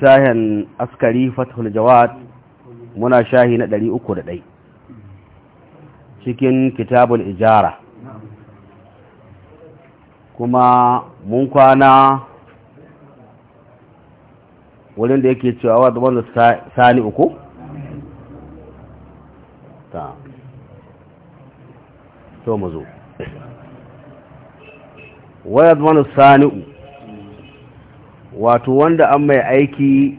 tahin askari fathul jawad muna shahi na 301 cikin kitabul ijara kuma mun kwana wurin da yake cewa wadda wanda sani uku ta to mu zo wadda wanda sani uku wato wanda an mai aiki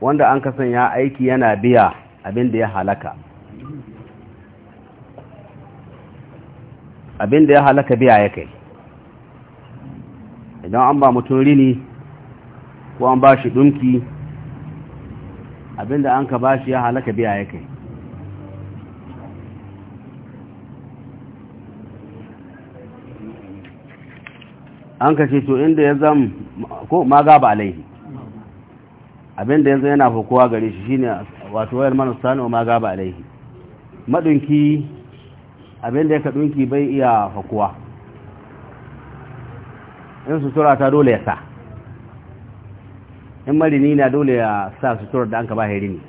wanda an kasan ya aiki yana biya abinda ya halaka abinda ya halaka biya ya kai idan an ba mutum rini ko an ba shi dunki abinda an ka ba shi ya halaka biya ya kai an ka ce to inda ya zan ko ma ba alaihi abinda yanzu yana hukowa gare shi shine wato wayar manustani wa ma ba alaihi madunki abinda ya ka dunki bai iya hukowa in sutura ta dole ya sa in marini na dole ya sa sutura da an ka ba hairini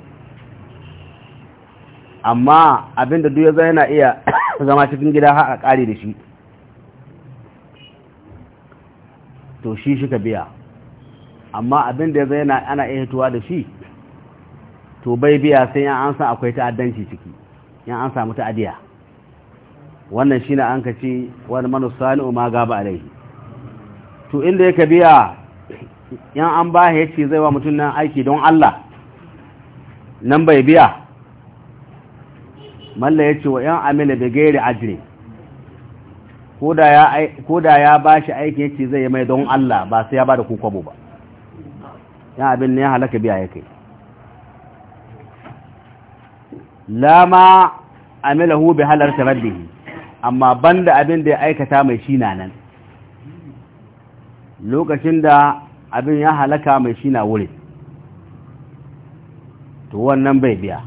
amma abinda duk ya zai yana iya zama cikin gida har a kare da shi to shi shi ka biya amma abin da zai ana iya hituwa da shi to bai biya sai yan an san akwai ta'addanci ciki yan an samu ta'adiya wannan shi na an ka ce wani ma gaba laihi to inda ya ka biya yan an ba ya ce zai wa mutum nan aiki don Allah nan bai biya malla ya ce wa yan Amina da gairi ajiyar ko da ya ba shi aiki yake zai mai don Allah ba sai ya ba da ku kwabo ba ya abin ne ya halaka biya ya kai lama amilahu bi halarta rabbihi amma banda abin da ya aikata mai shi na nan lokacin da abin ya halaka mai shi na wurin to wannan bai biya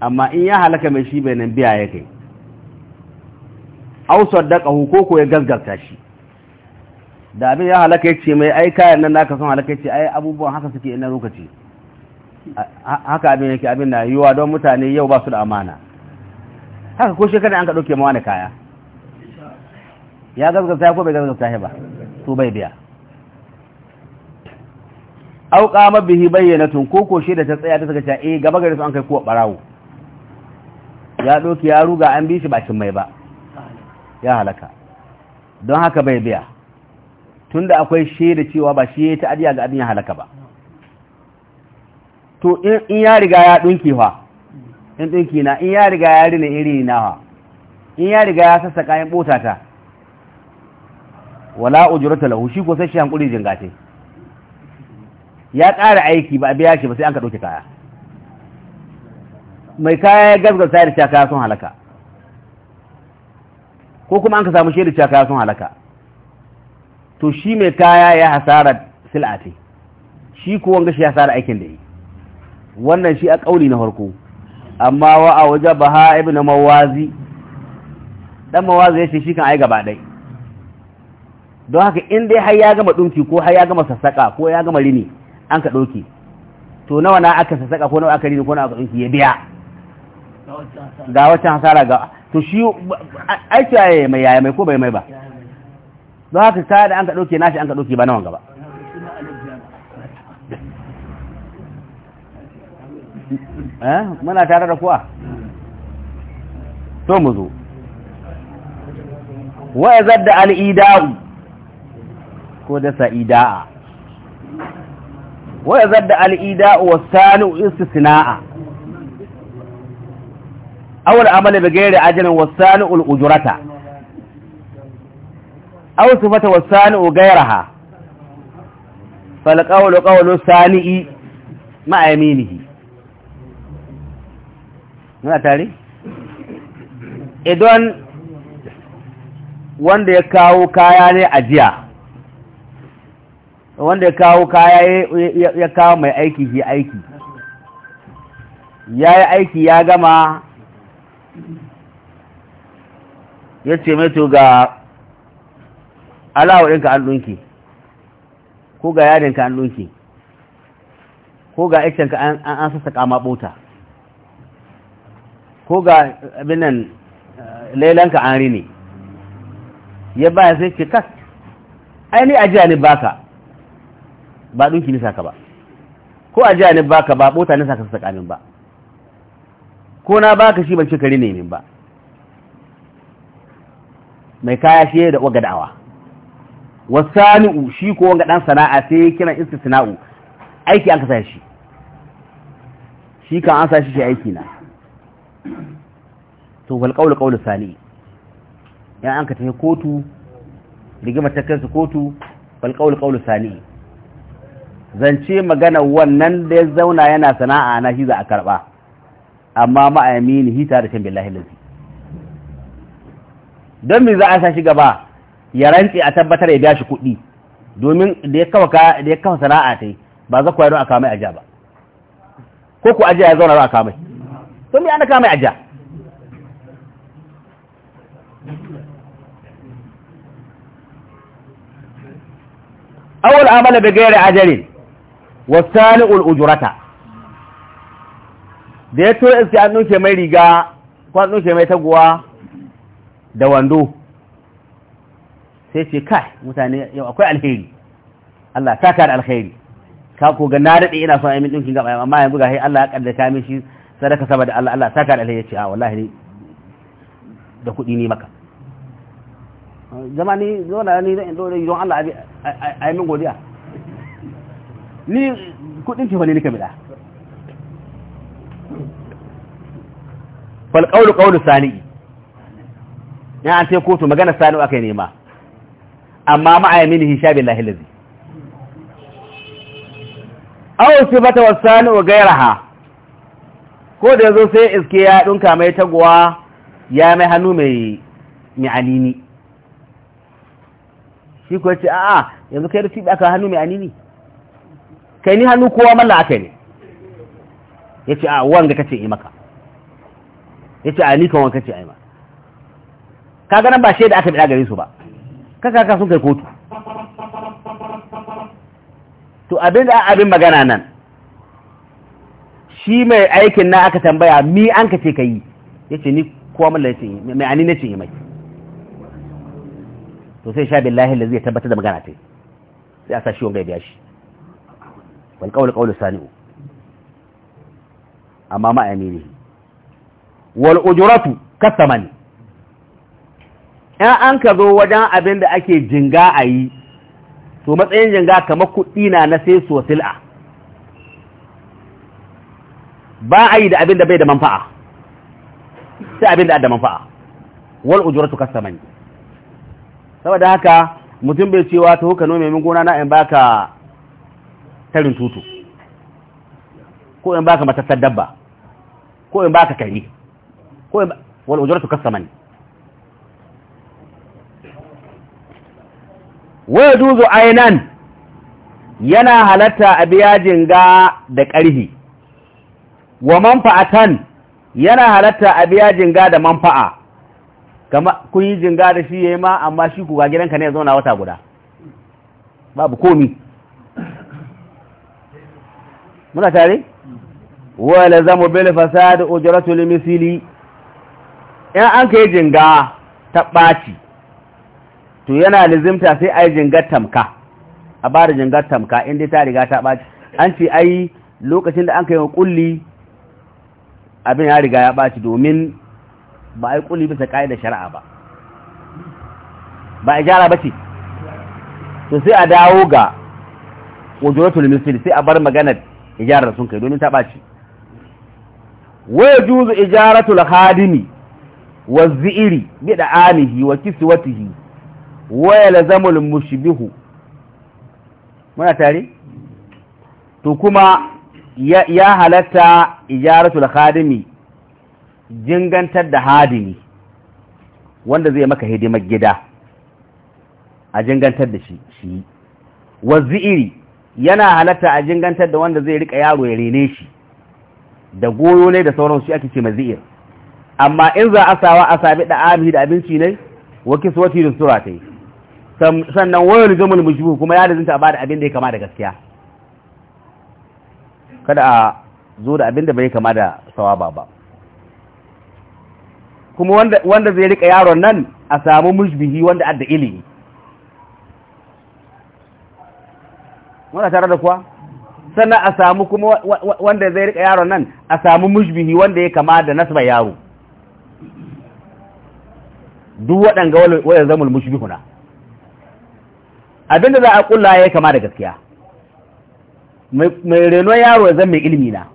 amma in ya halaka mai shi bai nan biya ya kai aw saddaqahu ko ko ya gaskata shi da abin ya halaka yace mai ai kayan nan naka son halaka yace ai abubuwan haka suke ina lokaci haka abin yake abin na yiwa don mutane yau ba su da amana haka ko shekara an ka dauke mawa na kaya ya gaskata ko bai gaskata ba to bai biya au qama bihi bayyanatun ko ko shi da ta tsaya ta saka ta eh gaba gari su an kai kuwa barawo ya doki ya ruga an bi shi ba mai ba ya halaka don haka bai biya tunda akwai da cewa ba shi ya ta'adiya ga abin ya halaka ba to in ya riga ya dunki fa in dunki na in ya riga ya rina iri na fa in ya riga ya sassa kayan botata wala ujrata lahu shi ko sai shi hankuri jingate ya ƙara aiki ba biya shi ba sai an ka dauke kaya mai kaya ya gasgasa da kaya sun halaka ko kuma an ka samu shaida cewa kaya sun halaka to shi mai kaya ya hasara ce shi ko wanga shi ya hasara aikin da yi wannan shi a kauli na farko amma wa a waje ibi na mawazi dan mawazi ya ce shi kan ai gaba ɗai don haka in dai har ya gama ɗunki ko har ya gama sassaƙa ko ya gama rini an ka dauke to nawa na aka sassaƙa ko nawa aka rini ko nawa aka ɗunki ya biya ga wacce hasara ga to shi aiki yaya mai yaya mai ko bai mai ba don haka sa da an ka ɗauke nashi an ka ɗauke ba na wanga ba eh muna tare da kuwa to mu zo wa zadda al-ida'u ko da ida'a wa zadda al-ida'u wa sanu istisna'a awal amali bi gairi ajalin wasani ul'ujurata aw sifata wasani ugairaha fal qawlu qawlu sani'i ma yaminihi na tare idan wanda ya kawo kaya ne ajiya wanda ya kawo kaya ya kawo mai aiki shi aiki ya yi aiki ya gama ya ce mai to ga alawa ɗinka an ɗunki ko ga yadinka an ɗunki ko ga ikenka an sassaƙa ɓota, ko ga abinan eh, lailanka an rini ya baya sai ce kas aini ajiya ne baka ba ɗunki nisa ka ba ko ajiya ne baka ba ɓota nisa ka sassaƙa min ba ko na baka shi ban ce kare ne min ba mai kaya shi da waga da'awa wasani'u shi ko wanga dan sana'a sai kiran istisna'u aiki an kasa shi shi kan an sa shi shi aiki na to wal qawlu qawlu sani ya an ka tafi kotu rigima ta kansu kotu wal qawlu qawlu sani zance magana wannan da ya zauna yana sana'a na shi za a karba amma ma'ayamini hita da shan billahi lazi don mai za a sa shi gaba ya rantse a tabbatar ya biya shi kuɗi domin da ya kawo sana'a ta yi ba za ku yi don a kamai aja ba ko ku aja ya zauna a kamai to mai ana kamai aja awul amala bi ghairi ajalin wasani ul ujurata da ya tura sai an nuke mai riga ko an nuke mai taguwa da wando sai ce kai mutane yau akwai alheri Allah ta ka alheri ka ko ga na dade ina son ayi min ga bayan amma yanzu ga sai Allah ya kaddata min shi sadaka saboda Allah Allah ta ka alheri ya ce a wallahi ne da kuɗi ne maka zamani ni na ni zan dole don Allah a min godiya ni kuɗin ce wani ne nika bida fal qawlu qawlu sani'i ya an sai kotu magana sani'u yi nema amma ma'ayamini hisha billahi lazi sani wa gaira gairaha ko da zo sai iske ya ɗunka mai taguwa ya mai hannu mai mai shi kuwa ce a'a yanzu kai fi aka hannu mai anini kai ni hannu kowa mallaka ne ne ce a wanga ce yi maka yace ni kan wanka ce ai ma kaga nan ba shaida aka bida gare su ba kaka ka sun kai kotu to abin da abin magana nan shi mai aikin na aka tambaya mi an ka ce ka yi yace ni kowa mun lace mai ani nace yi mai to sai sha billahi lazi ya tabbatar da magana ta sai a sa shi wanga ya biya shi wal qawl qawl sani'u amma ma ne wal kasamani in an ka zo wajen abin da ake jinga a yi to matsayin jinga kamar kuɗi na na sai so sil'a ba a yi da abin da bai da manfa'a sai abin da da manfa'a wal ujratu kasamani saboda haka mutum bai cewa ta huka nome min gona na in baka tarin tutu ko in baka matattar dabba ko in baka kare ko wal ujratu kasaman wa yajuzu ينا yana halatta a biya jinga da ƙarhi wa manfa'atan yana halatta a biya jinga da manfa'a kama kun yi jinga da shi yayi ma amma shi ku ga gidanka ne ya zauna wata guda babu komi muna tare wa lazamu bil fasad in an ka yi jinga ta ɓaci to yana lizimta sai a yi jingar tamka a ba da jingar tamka inda ta riga ta ɓaci an ce yi lokacin da an ka yi kulli abin ya riga ya ɓaci domin ba a yi kulli bisa da shari'a ba ba a gyara ba ce to sai a dawo ga ujuratul misli sai a bar maganar ijarar sun kai domin ta ɓaci Wai juzu ijaratul hadimi wa zi'iri bi da alihi wa kiswatihi wa yalzamul mushbihu muna tare to kuma ya halatta ijaratul khadimi jingantar da hadimi wanda zai maka hidimar gida a jingantar da shi zi'iri yana halatta a jingantar da wanda zai rika yaro ya rene shi da goyo ne da sauransu shi ake ce mazi'ir amma in za a sawa a sami da amihi da abinci ne wa kiswati da sura ta yi sannan wayar jumul mushbihu kuma ya zinta ba da abin da ya kama da gaskiya kada a zo da abin da bai kama da sawaba ba kuma wanda wanda zai rika yaron nan a samu mushbihi wanda adda ilimi wanda tare da kuwa sannan a samu kuma wanda zai rika yaron nan a samu mushbihi wanda ya kama da nasba yaro duk waɗanga wayan zamul mushbihuna abinda za a kulla ya kama da gaskiya mai reno yaro ya zama ilimi na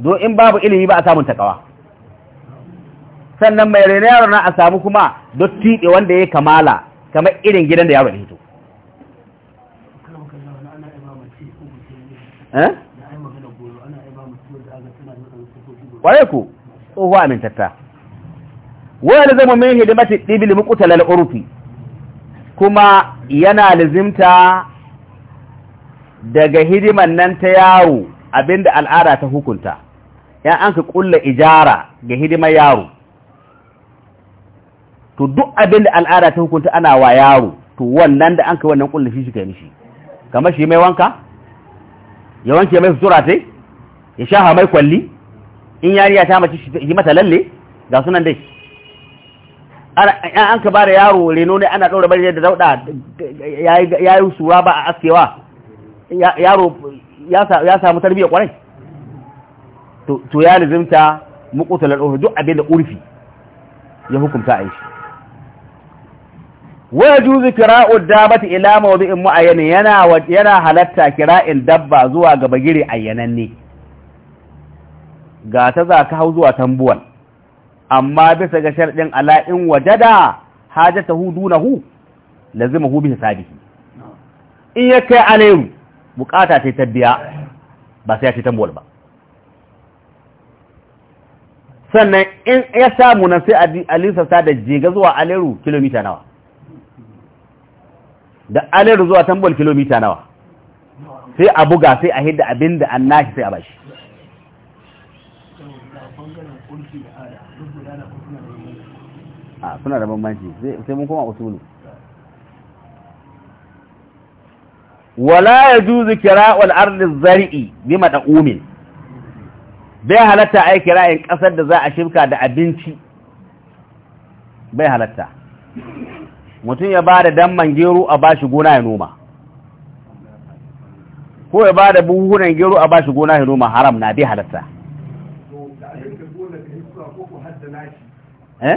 don in babu ilimi ba a samun takawa sannan mai reno yaro na a samu kuma dotti wanda ya kamala kamar irin gidan da yaro ya hito eh? ƙwarai ku tsohuwa amintatta wani zama ta hidimati ɗibil muƙutal ƙurfi, kuma yana lizimta daga hidiman nan ta yawo abinda al'ada ta hukunta yan an ka ƙulla ijara ga hidimar yaro to duk abinda al'ada ta hukunta ana wa yaro to wannan da an ka wannan ƙulla shi shi kai mishi kamar shi mai wanka ya wanke mai sutura ta ya sha mai kwalli in ya ta mace shi mata lalle ga sunan dai an ka ba da yaro reno ne ana ɗaura bari da dauɗa ya yi sura ba a askewa yaro ya samu tarbiyyar kwarai to ya nizimta mukutular ɗaura duk abin da ƙurfi ya hukunta a yi shi juzi kira kira'u dabati ilama wa bi'in mu'ayyani yana halatta in dabba zuwa ga bagire ayyananne ga ta za ka hau zuwa tambuwan amma bisa ga sharɗin ala in wajada hajatahu dunahu hu bisa hisabihi in ya kai alayru bukata ta tabbiya ba sai ya ci tambol ba sannan in ya samu nan sai alisa sa da jega zuwa aleru kilomita nawa da aleru zuwa tambol kilomita nawa sai a buga sai a hidda abin da an nashi sai a bashi suna da bambanci sai mun koma usulu wala yajuzu kira'ul ardi zar'i bi mad'umin bai halatta ai kira'in kasar da za a shirka da abinci bai halatta mutum ya ba da damman gero a bashi gona ya noma ko ya ba da buhunan gero a bashi gona ya noma haram na bai halatta eh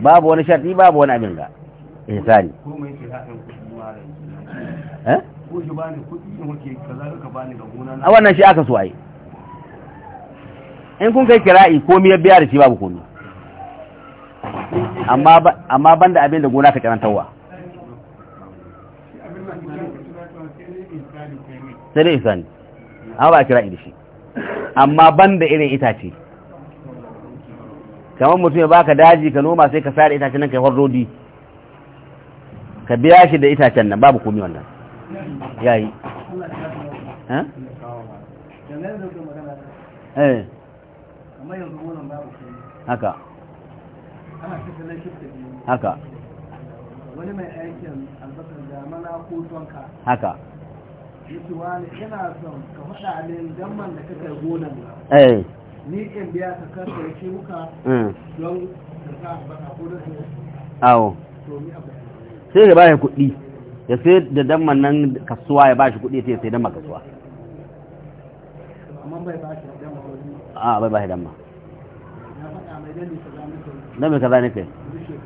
babu wani sharti babu wani abin ga ihsani eh, eh? a wannan shi aka so ai in kun kai kira'i komi ya biya da shi babu komi amma ban da abin da gona ka karantarwa sai dai ihsani amma ba a kira'i da shi amma ban da irin itace kamar mutum ya baka daji ka noma sai ka sare itacen nan kai horrodi ka biya shi da itacen nan babu komi wannan yayi eh haka haka wani mai aikin albasar da mana ko tonka haka tuwa ne yana son ka faɗa min gamman da kakar gonan eh da mm. awo sai ya bashi kuɗi ya sai da damman nan kasuwa ya shi kuɗi sai ya sai damma kasuwa amma bai bashi damma a damma na mai kaza ne kai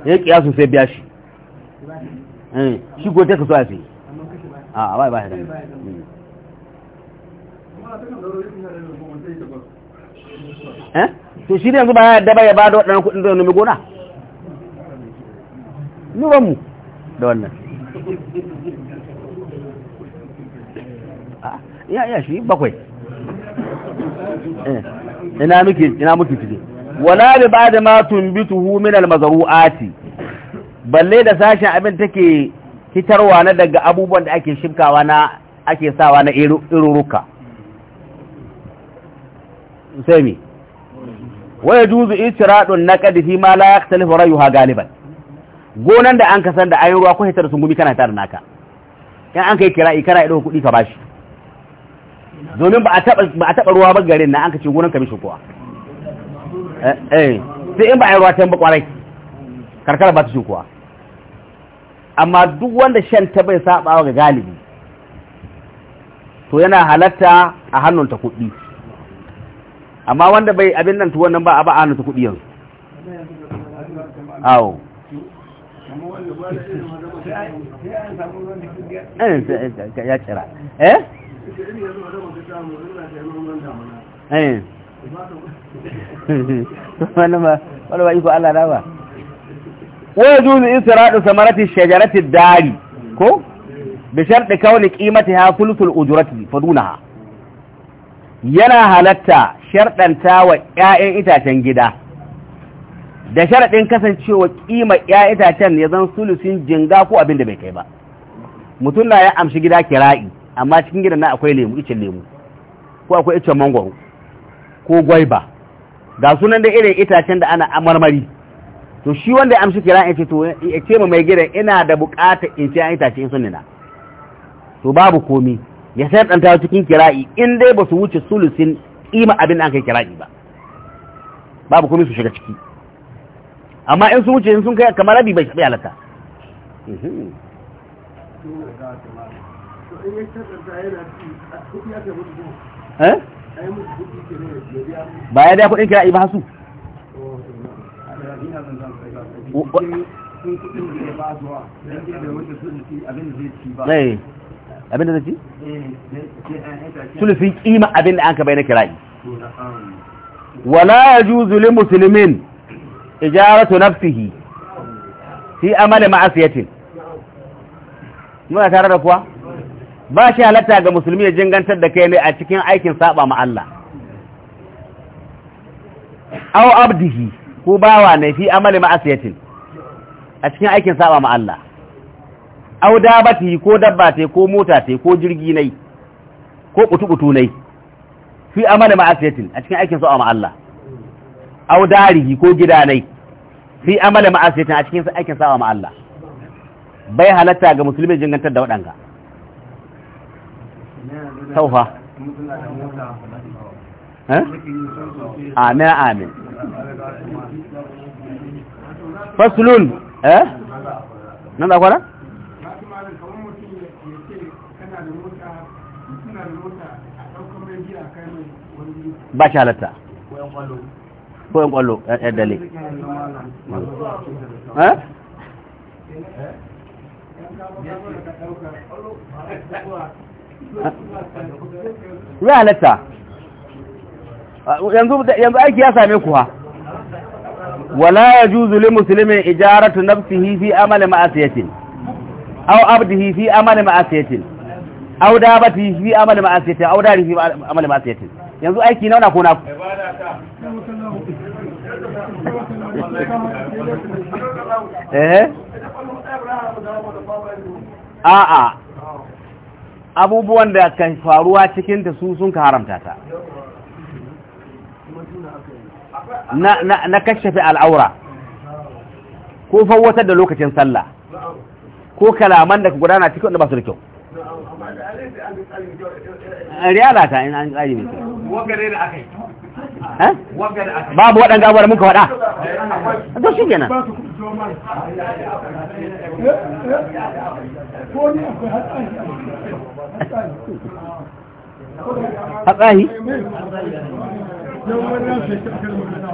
ya kiyasu sai biya shi eh, shi ko ta kasuwa ya sai a bai shi damma ta eh? to shi yanzu ba ya yadda ba ya da waɗannan kuɗin zai nomi gona nubanmu mu da wannan ah, ya ya shi bakwai eh, ina muke ina muke ciki wala bi ba'da ma tunbituhu min al-mazru'ati balle da sashen abin take fitarwa na daga abubuwan da ake shimkawa na ake sawa na iruruka sai waya juzu itiradun na kadifi ma la yaktalifu rayuha galiban gonan da an kasan da ayi ruwa ko hitar sun gumi kana tare naka in an kai kira'i kana ido kuɗi ka bashi domin ba a taba ba a taba ruwa ba garin na an kace gonan ka bi kuwa eh, eh sai in ba yi ruwa tan ba kwarai karkara ba ta shi kuwa amma duk wanda shan ta bai saɓawa ga galibi to yana halatta a hannunta kuɗi amma wanda bai abin nan tuwon nan ba a ba a nutu kudi yanzu awo ya kira eh wani ba iko Allah na ba wai juzu istiradu samarati shajarati dari ko bi sharɗi kauni qimatiha fulful ujurati fadunaha yana halatta sharɗanta wa ‘ya'yan itacen gida da sharaɗin kasancewa ƙima ‘ya'yan itacen ya zan sulusin jinga ko abin da bai kai ba mutum na ya amshi gida kira'i amma cikin gidan na akwai lemu icen lemu ko akwai icen mangwaro ko gwaiba ga sunan da irin itacen da ana marmari to shi wanda ya amshi kirai ce to ya ce mai gidan ina da bukata in ce an itace in nina. to babu komi ya sarɗanta cikin kira'i in dai ba su wuce sulusin ƙima abin da an kai kira'i ba babu komai su shiga ciki amma in su wuce in sun kai kamar rabi bai shaɓe alaka mhm. eh? ba ya da kuɗin kira'i ba su ba eh. abin da zafi eh, eh, sulufin kima abin da an ka bai na kira'i wala ya juzu li musulmin ijaratu nafsihi fi amali ma'asiyatin muna tare da kuwa ba shi halatta ga musulmi ya jingantar da kai ne a cikin aikin saba ma Allah aw abdihi ko bawa ne fi amali ma'asiyatin a cikin aikin saba ma Allah au dabati ko dabba te ko mota te ko jirgi nai ko kutu-kutu fi amana ma'asiyatin a cikin aikin sa'a ma Allah au darihi ko gida nai fi amala ma'asiyatin a cikin aikin sa'a ma Allah bai halatta ga musulmi jingantar da waɗanka. saufa eh? amin amin fasulun eh nan da kwana ba shi halatta ko yan kwallo yan dale ya halatta yanzu aiki ya same ku ha wala ya juzu li musulmin ijaratu nafsihi fi amali ma'asiyatin aw abdihi fi amali ma'asiyatin auda ba ta fi amal ma'asiyatin auda rifi amal ma'asiyatin yanzu aiki nauna ko na eh a'a abubuwan da kan faruwa cikin ta su sun ka haramta ta na na na al'aura ko fawwatar da lokacin sallah ko kalaman da ka gudana cikin da ba su da kyau riyala ta in an tsari mai wagare da aka yi babu waɗanda abuwa muka waɗa to shi gina.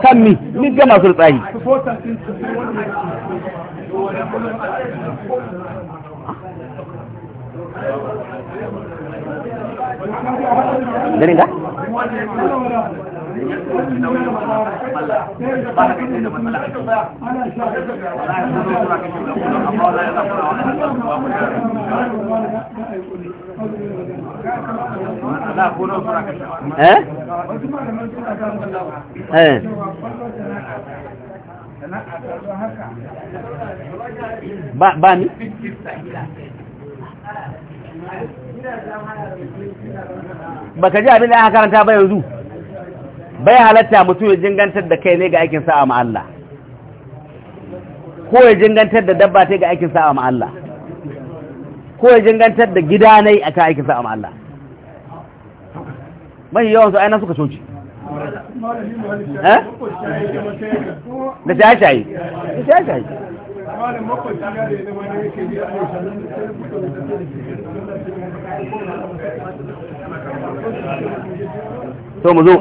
kan mi ni ganin ba baka ji abin da aka karanta ba yanzu bai halatta mutum ya jingantar da kai ne ga aikin sa'a ma'alla Allah ko ya jingantar da dabba ta ga aikin sa'a ma'alla Allah ko ya jingantar da gida ne akan aikin sa'a ma'alla Allah mai yawan su aina suka soci da shayi shayi da shaye-shaye to mu zo